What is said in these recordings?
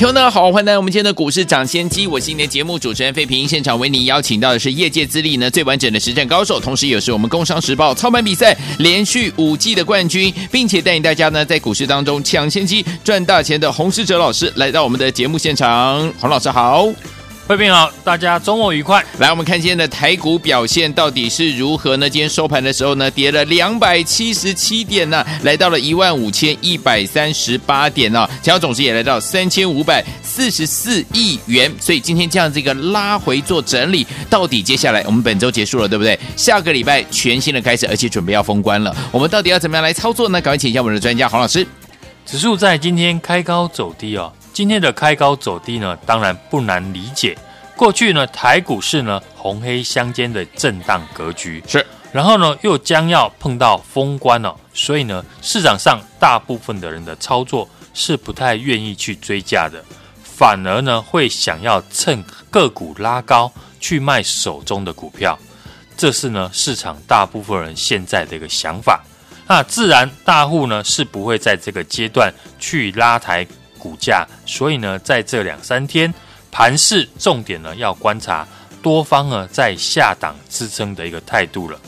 朋友大家好，歡迎來到我們今天的股市漲先機。我是今天節目主持人費平，現場為您邀請到的是業界資歷呢最完整的實戰高手，同時也是我們《工商時報》操盤比賽連續五季的冠軍，並且帶領大家呢在股市當中搶先機賺大錢的洪士哲老師來到我們的節目現場。洪老師好。各位朋友，大家周末愉快。來，我們看今天的台股表現到底是如何呢？今天收盤的時候呢，跌了兩百七十七點呢、啊，來到了一萬五千一百三十八點呢、啊，成交總值也來到三千五百四十四億元。所以今天這樣子一個拉回做整理，到底接下來我們本周結束了，對不對？下個禮拜全新的開始，而且準備要封關了，我們到底要怎麼樣來操作呢？趕快請一下我們的專家洪老師。指數在今天開高走低哦。今天的開高走低呢，當然不難理解。過去呢，台股市呢紅黑相間的震盪格局是，然後呢又將要碰到封關了、哦，所以呢市場上大部分的人的操作是不太願意去追價的，反而呢會想要趁個股拉高去賣手中的股票，這是呢市場大部分人現在的一個想法。那自然大戶呢是不會在這個階段去拉抬。股價，所以呢，在這兩三天盤勢重點呢要觀察多方呢在下檔支撐的一個態度了。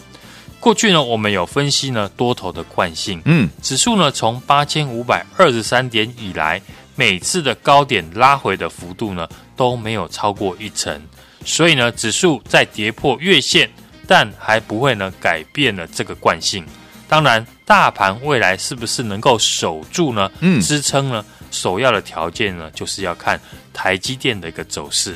過去呢，我們有分析呢多頭的慣性，嗯，指數呢從八千五百二十三點以來，每次的高點拉回的幅度呢都沒有超過一成，所以呢，指數在跌破月線，但還不會呢改變了這個慣性。當然，大盤未來是不是能夠守住呢？嗯，支撐呢？首要的條件呢，就是要看台積電的一個走勢。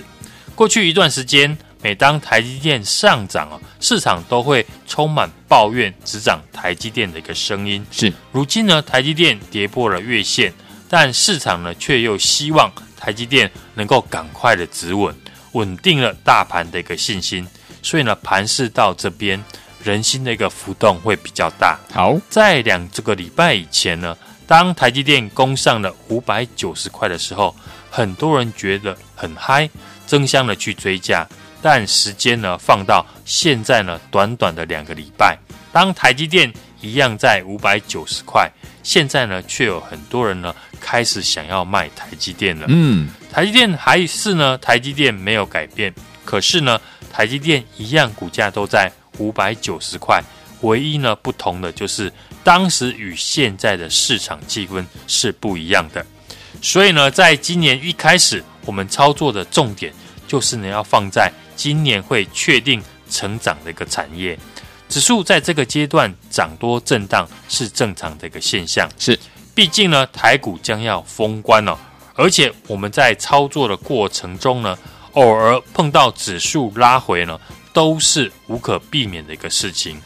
過去一段時間，每當台積電上漲啊，市場都會充滿抱怨，只漲台積電的一個聲音。是，如今呢，台積電跌破了月線，但市場呢卻又希望台積電能夠趕快的止穩，穩定了大盤的一個信心。所以呢，盤勢到這邊，人心的一個浮動會比較大。好，在兩這個禮拜以前呢。當台積電攻上了五百九十塊的時候，很多人覺得很嗨，爭相的去追價。但時間呢放到現在呢，短短的兩個禮拜，當台積電一樣在五百九十塊，現在呢卻有很多人呢開始想要賣台積電了。嗯，台積電還是呢，台積電沒有改變，可是呢，台積電一樣股價都在五百九十塊。唯一呢不同的就是，當時與現在的市場氣氛是不一樣的，所以呢，在今年一開始，我們操作的重點就是呢要放在今年會確定成長的一個產業指數，在這個階段漲多震盪是正常的一個現象，是，畢竟呢台股將要封關了哦，而且我們在操作的過程中呢，偶爾碰到指數拉回呢，都是無可避免的一個事情。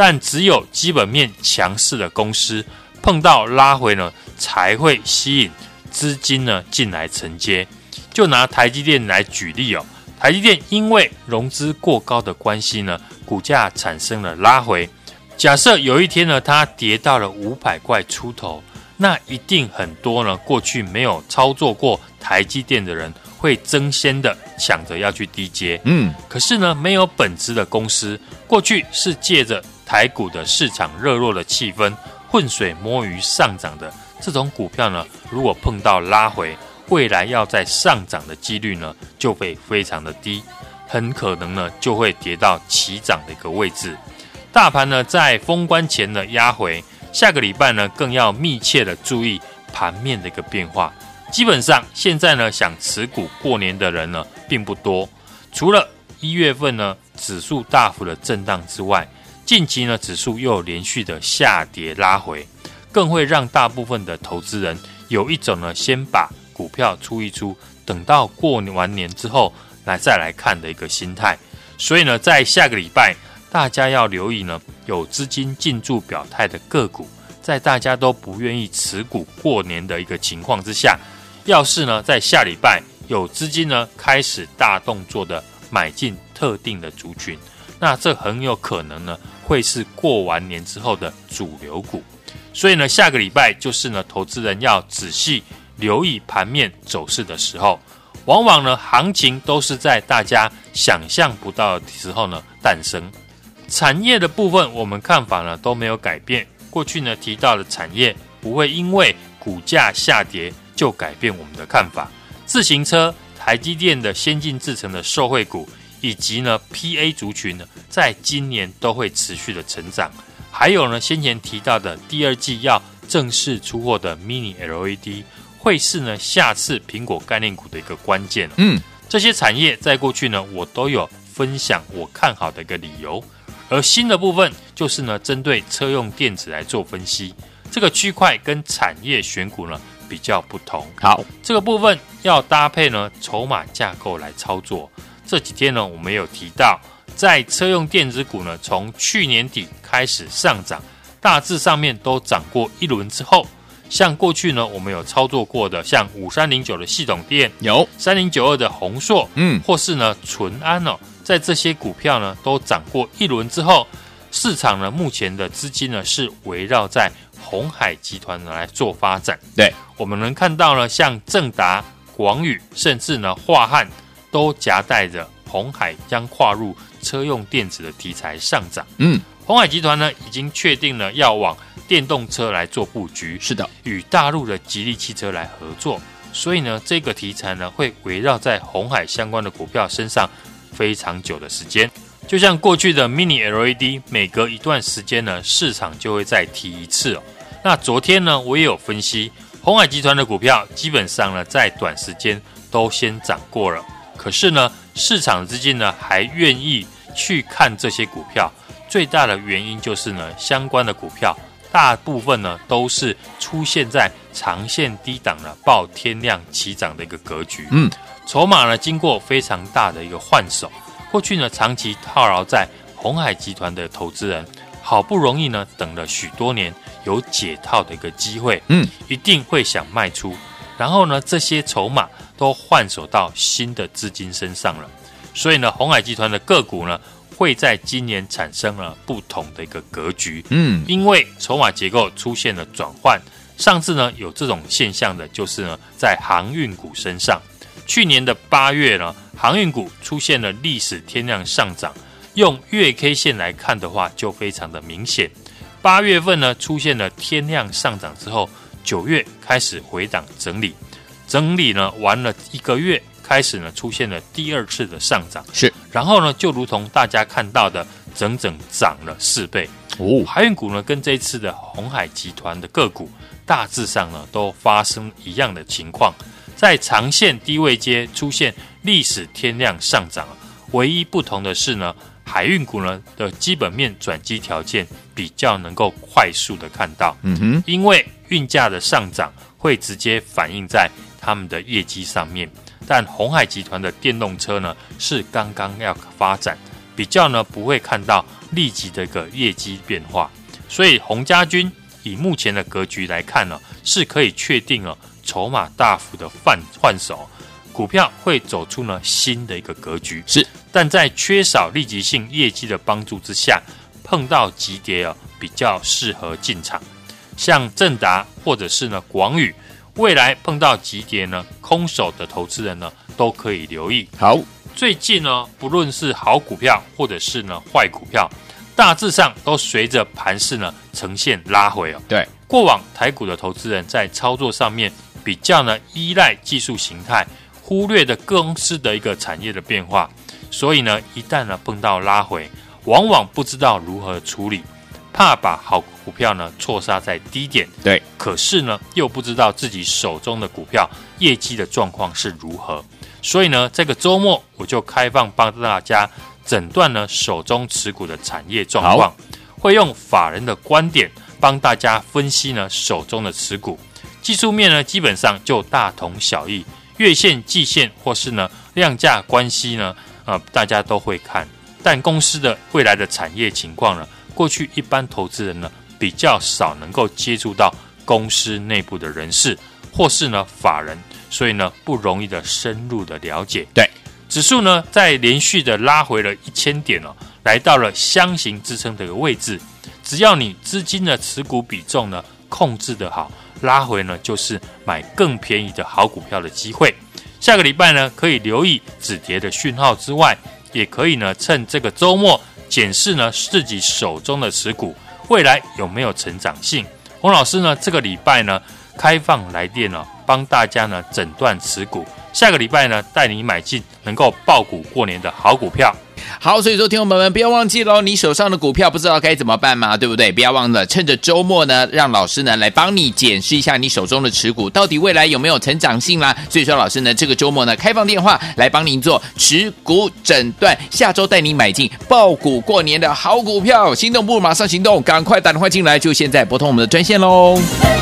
但只有基本面強勢的公司，碰到拉回呢，才會吸引資金呢進來承接。就拿台積電來舉例哦，台積電因為融資過高的關係呢，股價產生了拉回。假設有一天呢，它跌到了五百塊出頭，那一定很多呢過去沒有操作過台積電的人會爭先的想著要去低接。嗯，可是呢，沒有本質的公司，過去是借着。台股的市場熱絡的氣氛，混水摸魚上漲的這種股票呢，如果碰到拉回，未來要再上漲的幾率呢，就會非常的低，很可能呢就會跌到起漲的一個位置。大盤呢在封關前的壓回，下個禮拜呢更要密切的注意盤面的一個變化。基本上現在呢想持股過年的人呢並不多，除了一月份呢指數大幅的震盪之外。近期呢，指數又連續的下跌拉回，更會讓大部分的投資人有一種呢，先把股票出一出，等到過完年之後來再來看的一個心態。所以呢，在下個禮拜，大家要留意呢，有資金進駐表態的個股，在大家都不願意持股過年的一個情況之下，要是呢，在下禮拜，有資金呢，開始大動作的買進特定的族群，那這很有可能呢。會是過完年之後的主流股，所以呢，下個禮拜就是呢，投資人要仔細留意盤面走勢的時候，往往呢，行情都是在大家想象不到的時候呢誕生。產業的部分，我們看法呢都沒有改變。過去呢提到的產業，不會因為股價下跌就改變我們的看法。自行車、台積電的先進製程的受惠股。以及呢，PA 族群呢，在今年都會持續的成長。還有呢，先前提到的第二季要正式出貨的 Mini LED，會是呢下次蘋果概念股的一個關鍵。嗯，這些產業在過去呢，我都有分享我看好的一個理由。而新的部分就是呢，針對車用電子來做分析，這個區塊跟產業選股呢比較不同。好，這個部分要搭配呢，籌碼架構來操作。這幾天呢，我們有提到，在車用電子股呢，從去年底開始上漲，大致上面都漲過一輪之後，像過去呢，我們有操作過的，像五三零九的系統電，有三零九二的鴻碩，嗯，或是呢，淳安哦，在這些股票呢都漲過一輪之後，市場呢目前的資金呢是圍繞在鴻海集團來做發展，對我們能看到呢，像正達、廣宇，甚至呢樺漢。都夾帶着鴻海將跨入車用電子的題材上漲。嗯，鴻海集團呢已經確定了要往電動車來做布局，是的，與大陸的吉利汽車來合作。所以呢，這個題材呢會圍繞在鴻海相關的股票身上非常久的時間。就像過去的 Mini LED，每隔一段時間呢市場就會再提一次哦。那昨天呢我也有分析，鴻海集團的股票基本上呢在短時間都先漲過了。可是呢，市場資金呢還願意去看這些股票，最大的原因就是呢，相關的股票大部分呢都是出現在長線低檔呢爆天量起漲的一個格局。嗯，籌碼呢經過非常大的一個換手，過去呢長期套牢在鴻海集團的投資人，好不容易呢等了許多年有解套的一個機會，嗯，一定會想賣出，然後呢這些籌碼。都換手到新的資金身上了，所以呢，鴻海集團的個股呢，會在今年產生了不同的一個格局。嗯，因為籌碼結構出現了轉換。上次呢，有這種現象的，就是呢，在航運股身上。去年的八月呢，航運股出現了歷史天量上漲。用月 K 線來看的話，就非常的明顯。八月份呢，出現了天量上漲之後，九月開始回檔整理。整理呢玩了一個月，開始呢出現了第二次的上漲，是，然後呢就如同大家看到的，整整漲了四倍哦。海運股呢跟這一次的鴻海集團的個股，大致上呢都發生一樣的情況，在長線低位階出現歷史天量上漲，唯一不同的是呢，海運股呢的基本面轉機條件比較能夠快速的看到，嗯哼，因為運價的上漲會直接反映在。他們的業績上面，但鴻海集團的電動車呢是剛剛要發展，比較呢不會看到立即的一個業績變化，所以鴻家軍以目前的格局來看呢，啊，是可以確定啊，籌碼大幅的換換手，股票會走出呢新的一個格局是，但在缺少立即性業績的幫助之下，碰到急跌啊比較適合進場，像正達或者是呢廣宇。未來碰到急跌呢，空手的投資人呢都可以留意。好，最近呢，不論是好股票或者是呢壞股票，大致上都隨着盤勢呢呈現拉回哦。對，過往台股的投資人在操作上面比較呢依賴技術形態，忽略了各公司的一個產業的變化，所以呢一旦呢碰到拉回，往往不知道如何處理。怕把好股票呢錯殺在低點，對，可是呢又不知道自己手中的股票業績的狀況是如何，所以呢這個周末我就開放幫大家診斷呢手中持股的產業狀況，好會用法人的觀點幫大家分析呢手中的持股，技術面呢基本上就大同小異，月線、季線或是呢量價關係呢呃，大家都會看，但公司的未來的產業情況呢？過去一般投資人呢比較少能夠接觸到公司內部的人士，或是呢法人，所以呢不容易的深入的了解。對，指數呢再連續的拉回了一千點哦，來到了箱型支撐的一個位置。只要你資金的持股比重呢控制得好，拉回呢就是買更便宜的好股票的機會。下個禮拜呢可以留意止跌的訊號之外，也可以呢趁這個週末。檢視呢自己手中的持股，未來有沒有成長性？洪老師呢這個禮拜呢開放來電呢，幫大家呢診斷持股。下個禮拜呢，帶你買進能夠抱股過年的好股票。好，所以說聽眾朋友們，不要忘記嘍，你手上的股票不知道該怎麼辦嘛，對不對？不要忘了趁着周末呢，讓老師呢來幫你檢視一下你手中的持股到底未來有沒有成長性啦。所以說，老師呢這個周末呢開放電話來幫您做持股診斷，下周帶你買進抱股過年的好股票。心動不如馬上行動，趕快打電話進來，就現在撥通我們的專線嘍。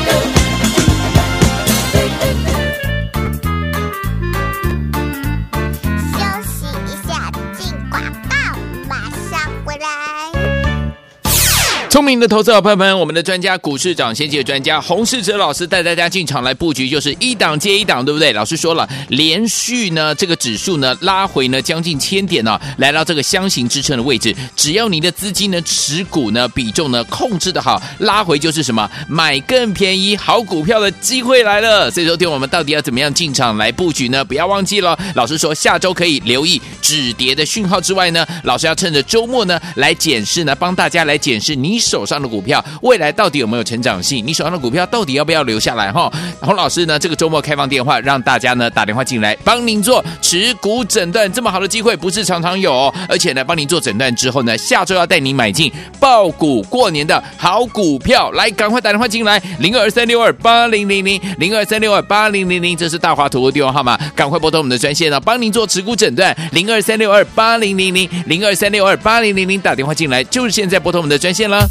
聰明的投資好朋友們，我們的專家股市漲先機的專家洪士哲老師帶大家進場來布局，就是一檔接一檔，對不對？老師說了，連續呢，這個指數呢拉回呢將近千點呢、啊，來到這個箱形支撐的位置，只要你的資金呢持股呢比重呢控制得好，拉回就是什麼？買更便宜好股票的機會來了。所以周天我們到底要怎麼樣進場來布局呢？不要忘記了，老師說下周可以留意止跌的訊號之外呢，老師要趁着週末呢來檢視呢，幫大家來檢視你。手上的股票未來到底有沒有成長性？你手上的股票到底要不要留下來，哦？哈，洪老師呢？這個周末開放電話，讓大家呢打電話進來幫您做持股診斷。這麼好的機會不是常常有，哦，而且呢幫您做診斷之後呢，下周要帶您買進抱股過年的好股票，來趕快打電話進來，零二三六二八零零零零二三六二八零零零，這是大華圖的電話號碼，趕快撥通我們的專線，哦，幫您做持股診斷，零二三六二八零零零零二三六二八零零零，打電話進來就是現在撥通我們的專線了。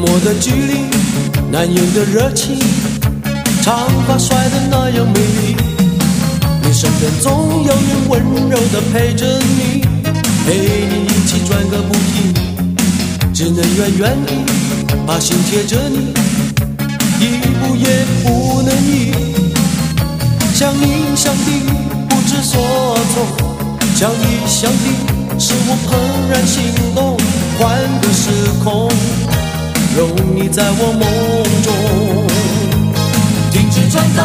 沉默的距離，難掩的熱情。長髮甩的那樣美麗，你身邊總有人溫柔地陪着你，陪你一起轉個不停。只能遠遠地把心貼着你，一步也不能移。想你想的不知所措，想你想的是我怦然心動，換個時空。有你在我夢中，停止轉動，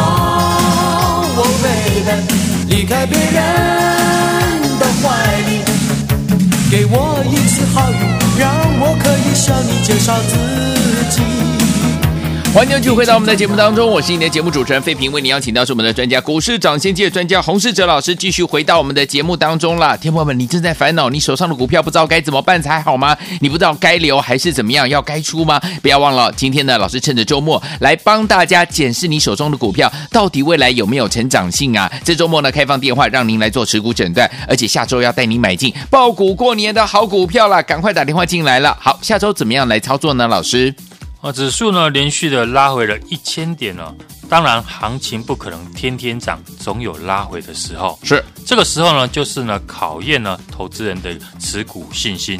離開別人的懷裡，給我一次好運，讓我可以向你介紹自己。歡迎繼續回到我們的節目當中，我是你的節目主持人費平，為你邀請到是我們的專家，股市漲先機專家洪士哲老師，繼續回到我們的節目當中了。聽眾們，你正在煩惱你手上的股票不知道該怎麼辦才好嗎？你不知道該留還是怎麼樣要該出嗎？不要忘了，今天呢，老師趁着周末來幫大家檢視你手中的股票到底未來有沒有成長性啊！這周末呢，開放電話讓您來做持股診斷，而且下周要帶你買進抱股過年的好股票了，趕快打電話進來了。好，下周怎麼樣來操作呢？老師？呃，指數呢連續的拉回了一千點呢，當然行情不可能天天漲，總有拉回的時候。是，這個時候呢，就是呢考驗呢投資人的持股信心。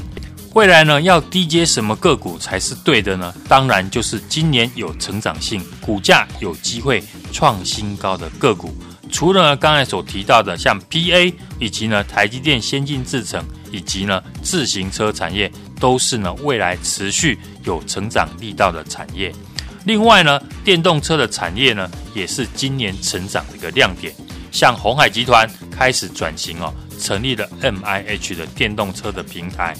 未來呢要低接什麼個股才是對的呢？當然就是今年有成長性、股價有機會創新高的個股。除了呢剛才所提到的，像 PA 以及呢，台積電先進製程，以及呢，自行車產業。都是呢未來持續有成長力道的產業。另外呢，電動車的產業呢也是今年成長的一個亮點。像鴻海集團開始轉型哦，成立了 MIH 的電動車的平台。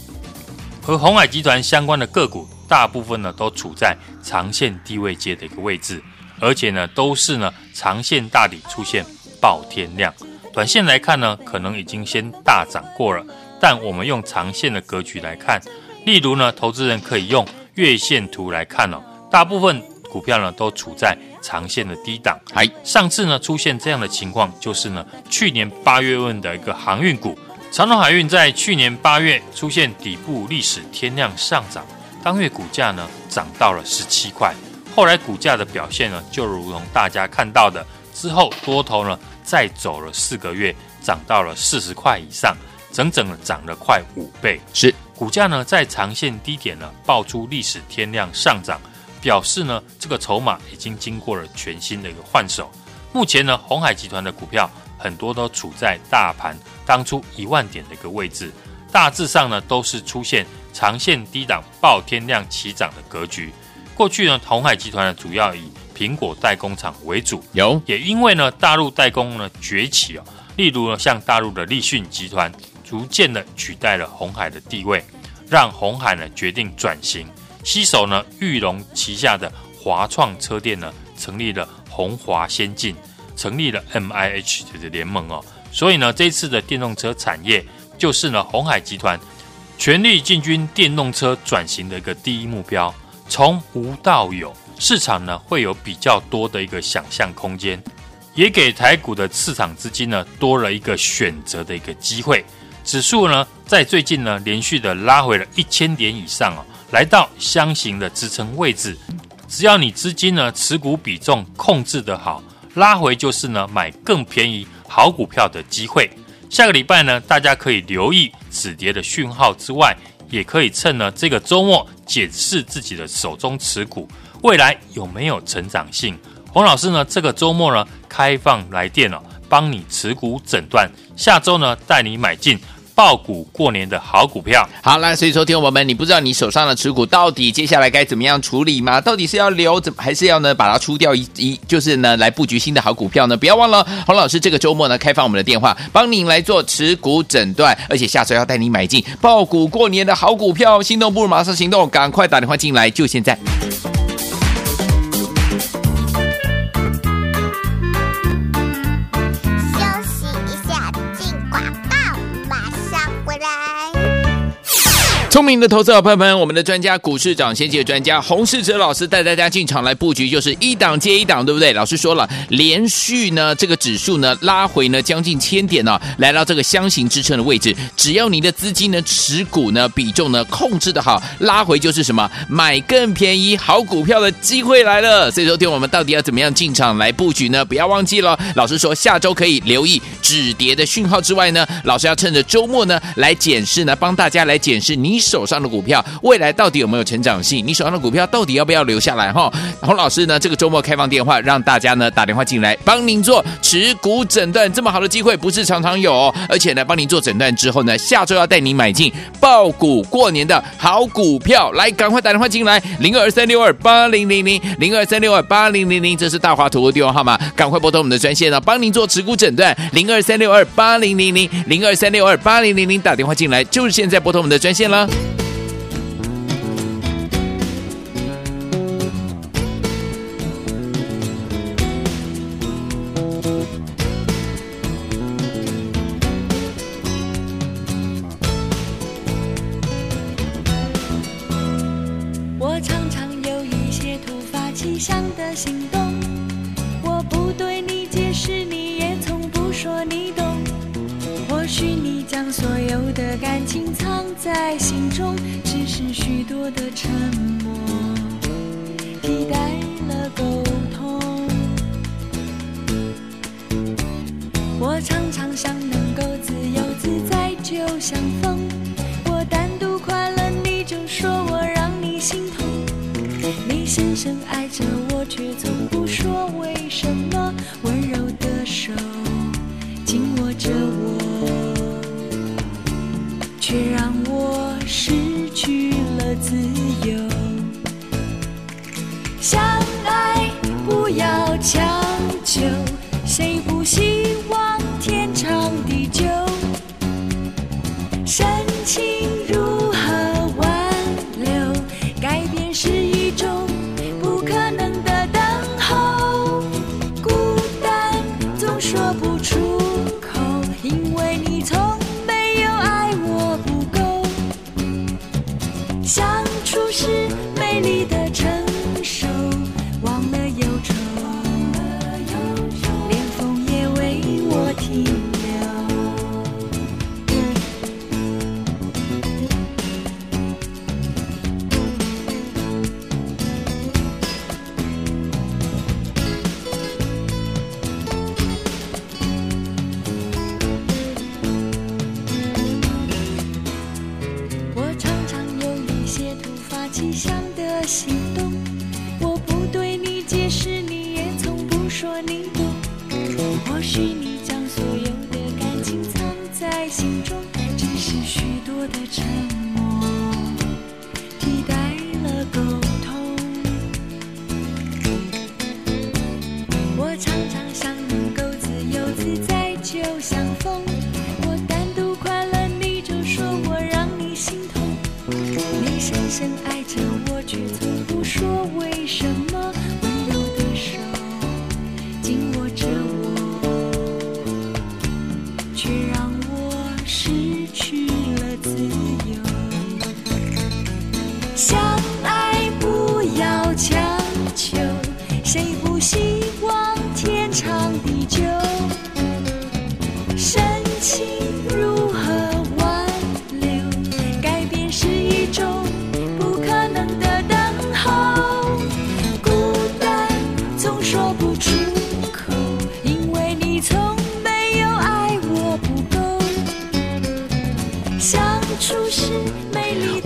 和鴻海集團相關的個股，大部分呢都處在長線低位階的一個位置，而且呢都是呢長線大底出現爆天量。短線來看呢，可能已經先大漲過了，但我們用長線的格局來看。例如呢，投資人可以用月線圖來看哦，大部分股票呢都處在長線的低檔。哎い，上次呢出現這樣的情況，就是呢去年八月份的一個航運股長榮海運，在去年八月出現底部歷史天量上漲，當月股價呢漲到了十七塊。後來股價的表現呢，就如同大家看到的，之後多頭呢再走了四個月，漲到了四十塊以上，整整漲了快五倍。是。股價呢，在長線低點呢，爆出歷史天量上漲，表示呢，這個籌碼已經經過了全新的一個換手。目前呢，鴻海集團的股票很多都處在大盤當初一萬點的一個位置，大致上呢，都是出現長線低檔爆天量起漲的格局。過去呢，鴻海集團主要以蘋果代工廠為主，有也因為呢，大陸代工呢崛起、哦、例如呢，像大陸的立訊集團。逐漸的取代了鴻海的地位，讓鴻海呢決定轉型。攜手呢，裕隆旗下的華創車店呢，成立了鴻華先進，成立了 MIH 的聯盟哦，所以呢，這次的電動車產業就是呢，鴻海集團全力進軍電動車轉型的一個第一目標。從無到有，市場呢會有比較多的一個想象空間，也給台股的市場資金呢多了一個選擇的一個機會。指數呢，在最近呢連續的拉回了一千點以上啊、哦，來到箱型的支撐位置。只要你資金呢持股比重控制得好，拉回就是呢買更便宜好股票的機會。下個禮拜呢，大家可以留意止跌的訊號之外，也可以趁呢這個週末檢視自己的手中持股未來有沒有成長性。洪老師呢，這個週末呢開放來電哦，幫你持股診斷，下周呢帶你買進。抱股過年的好股票，好啦，那所以說，聽友們，你不知道你手上的持股到底接下來該怎麼樣處理嗎？到底是要留怎，還是要呢把它出掉一一，就是呢來布局新的好股票呢？不要忘了，洪老師這個周末呢開放我們的電話，幫您來做持股診斷，而且下周要帶你買進抱股過年的好股票，心動不如馬上行動，趕快打電話進來，就現在。嗯聰明的投資夥伴們，我們的專家股市漲、先機的專家洪士哲老師帶大家進場來佈局，就是一檔接一檔，對不對？老師說了，連續呢，這個指數呢拉回呢將近千點呢，哦，來到這個箱形支撐的位置，只要你的資金呢持股呢比重呢控制的好，拉回就是什麼？買更便宜好股票的機會來了。所以說，今天我們到底要怎麼樣進場來佈局呢？不要忘記了，老師說下周可以留意止跌的訊號之外呢，老師要趁着周末呢來檢視呢，幫大家來檢視你。手上的股票未來到底有沒有成長性？你手上的股票到底要不要留下來？哈，洪老師呢？這個周末開放電話，讓大家呢打電話進來幫您做持股診斷。這麼好的機會不是常常有哦，而且呢幫您做診斷之後呢，下周要帶你買進抱股過年的好股票，來趕快打電話進來，零二三六二八零零零零二三六二八零零零，這是大華圖的電話號、號碼，趕快撥通我們的專線呢，幫您做持股診斷，零二三六二八零零零零二三六二八零零零，打電話進來就是現在撥通我們的專線了。深愛着我，卻從不說。為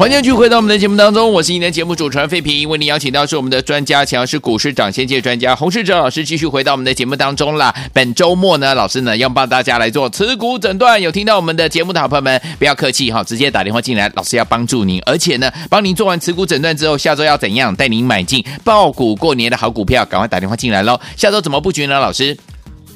今天繼續回到我們的節目當中，我是您的節目主持人費平，為您邀請到是我們的專家，同樣是股市漲先機專家洪士哲老師，繼續回到我們的節目當中啦！本周末呢，老師呢要幫大家來做持股診斷，有聽到我們的節目的好朋友們，不要客氣哈，直接打電話進來，老師要幫助您，而且呢，幫您做完持股診斷之後，下周要怎樣，帶您買進抱股過年的好股票，趕快打電話進來嘍。下周怎麼佈局呢？老師，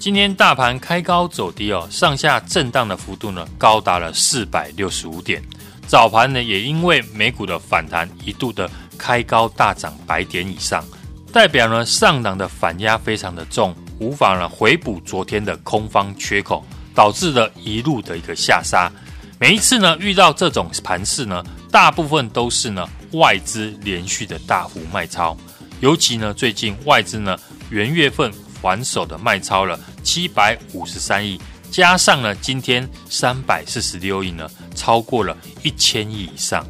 今天大盤開高走低哦，上下震盪的幅度呢，高達了四百六十五點。早盤呢，也因為美股的反彈，一度的開高大漲百點以上，代表呢上檔的反壓非常的重，無法呢回補昨天的空方缺口，導致了一路的一個下殺。每一次呢遇到這種盤勢呢，大部分都是呢外資連續的大幅賣超，尤其呢最近外資呢元月份反手的賣超了七百五十三億，加上呢今天三百四十六億呢。超過了一千億以上，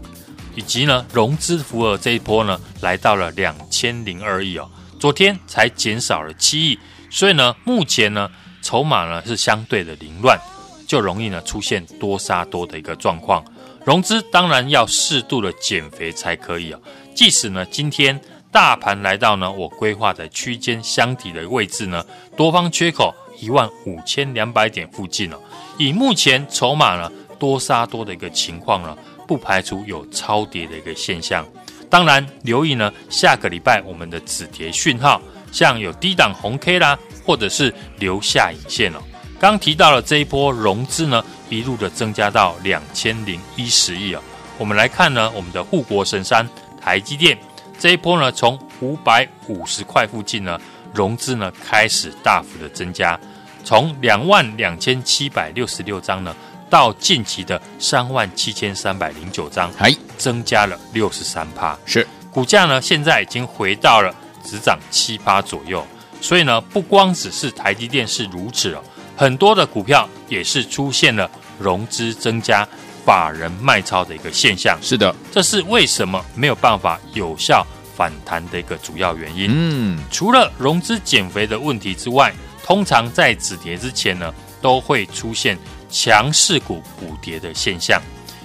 以及呢融資餘額這一波呢來到了兩千零二億哦，昨天才減少了七億，所以呢目前呢籌碼呢是相對的凌亂，就容易呢出現多殺多的一個狀況。融資當然要適度的減肥才可以啊、哦，即使呢今天大盤來到呢我規劃的區間箱體的位置呢，多方缺口一萬五千兩百點附近了、哦，以目前籌碼呢。多殺多的一個情況呢，不排除有超跌的一個現象。當然，留意呢，下個禮拜我們的止跌訊號，像有低檔紅 K 啦，或者是留下影線哦。剛提到了這一波融資呢，一路的增加到兩千零一十億啊。我們來看呢，我們的護國神山台積電這一波呢，從五百五十塊附近呢，融資呢開始大幅的增加，從兩萬兩千七百六十六張呢。到近期的三萬七千三百零九張，還增加了六十三趴，是股價呢，現在已經回到了只漲七趴左右。所以呢，不光只是台積電是如此哦，很多的股票也是出現了融資增加、法人賣超的一個現象。是的，這是為什麼沒有辦法有效反彈的一個主要原因。嗯，除了融資減肥的問題之外，通常在止跌之前呢，都會出現。強勢股補跌的現象，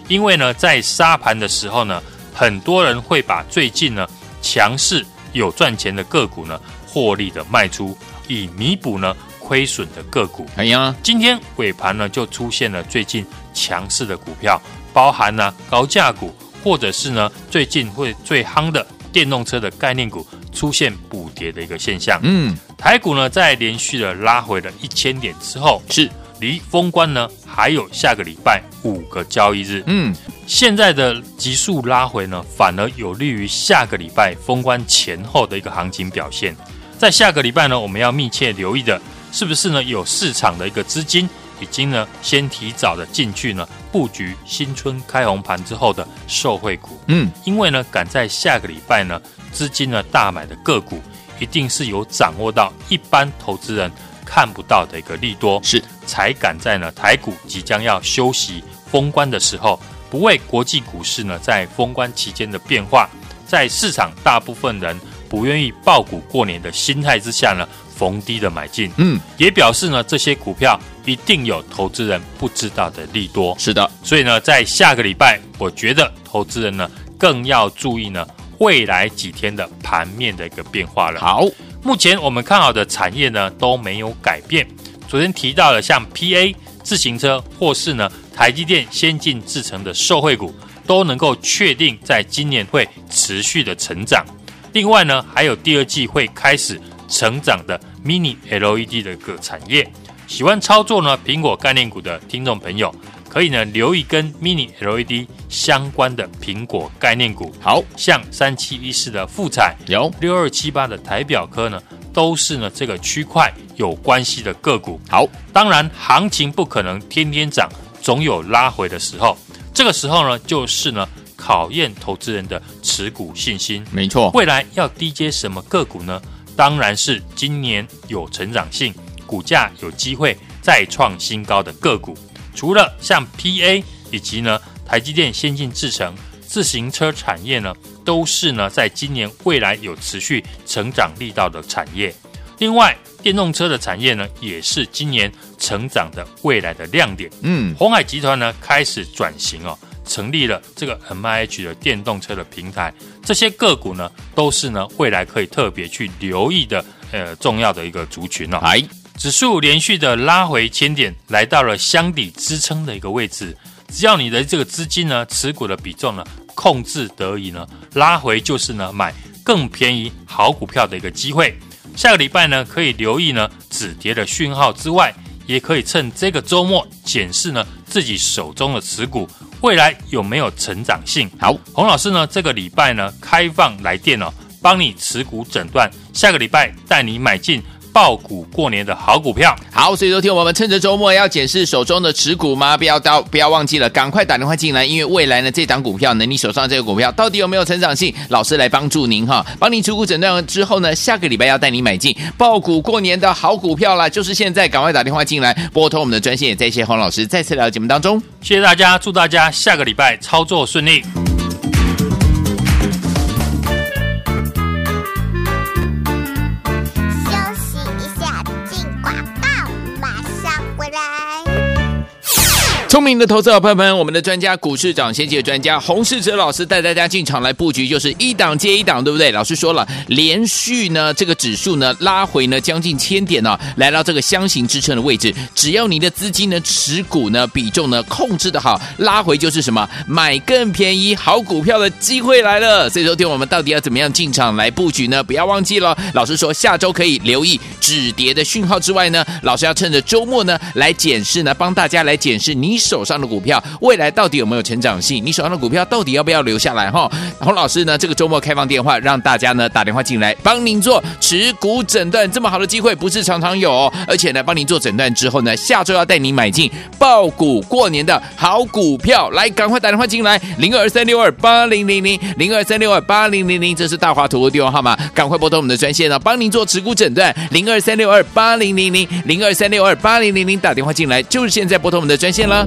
因為呢，在殺盤的時候呢，很多人會把最近呢強勢有賺錢的個股呢獲利的賣出，以彌補呢虧損的個股。哎呀，今天尾盤呢就出現了最近強勢的股票，包含呢高價股，或者是呢最近會最夯的電動車的概念股，出現補跌的一個現象。嗯，台股呢在連續的拉回了一千點之後，是。離封關呢還有下個禮拜五個交易日，嗯，現在的急速拉回呢，反而有利於下個禮拜封關前後的一個行情表現。在下個禮拜呢，我們要密切留意的，是不是呢有市場的一個資金已經呢先提早的進去呢布局新春開紅盤之後的受惠股？嗯，因為呢趕在下個禮拜呢資金呢大買的個股，一定是有掌握到一般投資人。看不到的一個利多，是的才趕在呢台股即將要休息封關的時候，不為國際股市呢在封關期間的變化，在市場大部分人不願意抱股過年的心態之下呢，逢低的買進。嗯，也表示呢這些股票一定有投資人不知道的利多。是的，所以呢在下個禮拜，我覺得投資人呢更要注意呢未來幾天的盤面的一個變化了。好。目前我們看好的產業呢都沒有改變。昨天提到了像 PA 自行車或是呢台積電先進製程的受惠股，都能夠確定在今年會持續的成長。另外呢，還有第二季會開始成長的 Mini LED 的個產業。喜歡操作呢蘋果概念股的聽眾朋友，可以呢，留意跟 mini LED 相關的蘋果概念股，好像三七一四的富采，有六二七八的台表科呢，都是呢這個區塊有關係的個股。好，當然行情不可能天天漲，總有拉回的時候。這個時候呢，就是呢考驗投資人的持股信心。沒錯，未來要低接什麼個股呢？當然是今年有成長性，股價有機會再創新高的個股。除了像 PA 以及呢台積電先進製程，自行車產業呢都是呢在今年未來有持續成長力道的產業。另外，電動車的產業呢也是今年成長的未來的亮點。嗯，鴻海集團呢開始轉型哦，成立了這個 MIH 的電動車的平台。這些個股呢都是呢未來可以特別去留意的，呃，重要的一個族群哦。哎。指數連續的拉回千點，來到了箱底支撐的一個位置。只要你的這個資金呢，持股的比重呢，控制得宜呢，拉回就是呢，買更便宜好股票的一個機會。下個禮拜呢，可以留意呢止跌的訊號之外，也可以趁這個周末檢視呢自己手中的持股，未來有沒有成長性。好，洪老師呢，這個禮拜呢開放來電了，幫你持股診斷。下個禮拜帶你買進抱股過年的好股票，好，所以昨天我們趁着周末要檢視手中的持股嗎？不要到，不要忘記了，趕快打電話進來，因為未來呢，這檔股票呢，你手上這個股票到底有沒有成長性？老師來幫助您哈，幫您持股診斷之後呢，下個禮拜要帶你買進抱股過年的好股票啦。就是現在，趕快打電話進來，撥通我們的專線也在謝洪，在謝洪老師再次聊節目當中，謝謝大家，祝大家下個禮拜操作順利。聰明的投資老朋友們，我們的專家、股市漲先機的專家洪士哲老師帶大家進場來布局，就是一檔接一檔，對不對？老師說了，連續呢，這個指數呢拉回呢將近千點呢，啊，來到這個箱形支撐的位置，只要你的資金呢持股呢比重呢控制的好，拉回就是什麼？買更便宜好股票的機會來了。所以今天我們到底要怎麼樣進場來布局呢？不要忘記了，老師說下週可以留意止跌的訊號之外呢，老師要趁着週末呢來檢視呢，幫大家來檢視你。手上的股票未來到底有沒有成長性？你手上的股票到底要不要留下來？哈，洪老師呢？這個週末開放電話，讓大家呢打電話進來幫您做持股診斷。這麼好的機會不是常常有哦，而且呢，幫您做診斷之後呢，下週要帶您買進抱股過年的好股票，來趕快打電話進來，零二三六二八零零零零二三六二八零零零，這是大華圖的電話號碼，趕快撥通我們的專線呢，幫您做持股診斷，零二三六二八零零零零二三六二八零零零，打電話進來就是現在撥通我們的專線了。